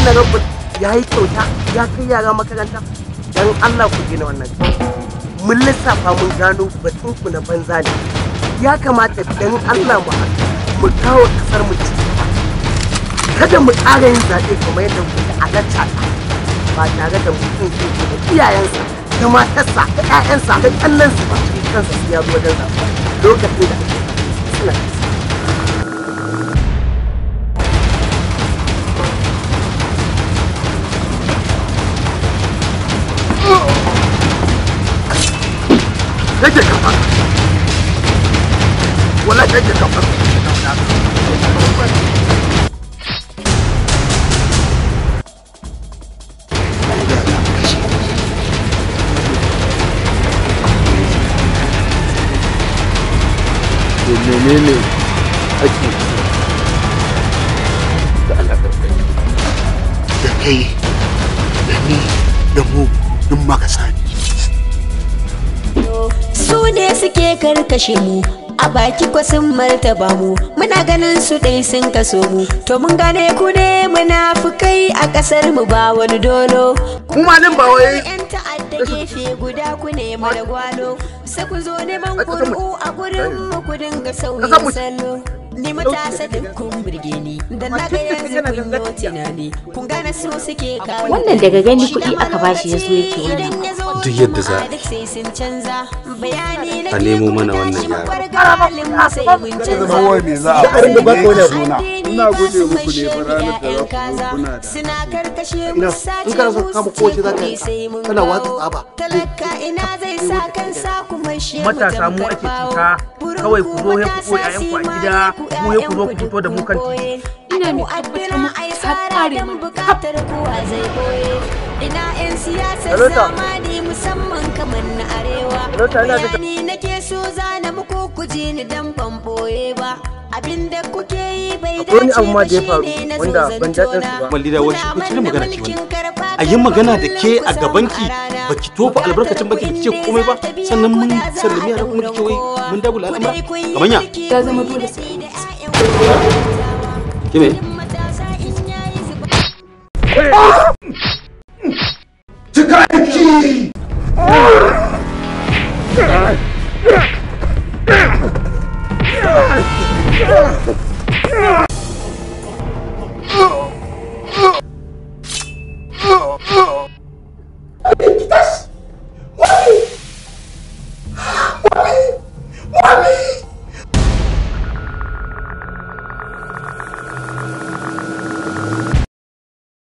wannan rabbin ya yi kyauta ya kai yara makaranta don allah ku gina wannan mun lissafa mun gano batun ku na banza ne ya kamata don allah mu mu kawo kasar mu ci kada mu ƙara yin zaɓe kamar yadda kuka alatta ba tare da mutum zai da iyayensa da matarsa da ƴaƴansa da ƙannansa ba kansa su ya zo wajen zaɓe lokacin da suna kake kafa wala kake kafa menene ake da alaƙar da kai da ni da su ne suke karkashe mu a baki kwasin martaba mu muna ganin su ɗai sun kaso mu to mun gane ku ne fukai a ƙasar mu ba wani dolo kuma nan ba wai ta'adda gefe guda ku ne mara wannan daga gani kuɗi aka bashi ya zo yake duk yadda za a nemo mana wannan yaro matasa mu ake cuta kawai ku zo ku gida mu ya ku zo ku fito da mu kan ina bukatar ko a zai koye ina 'yan siyasar zamani musamman kamar na arewa bayani nake so zana muku kuje ni dan ban boye ba abin kuke yi bai dace na a yi magana da ke a gabanki baki tofa albarkacin baki da kike komai ba sannan mun sallami yara kuma kike wai mun dagula al'amura kamanya ya zama dole sai kime To Takaichi!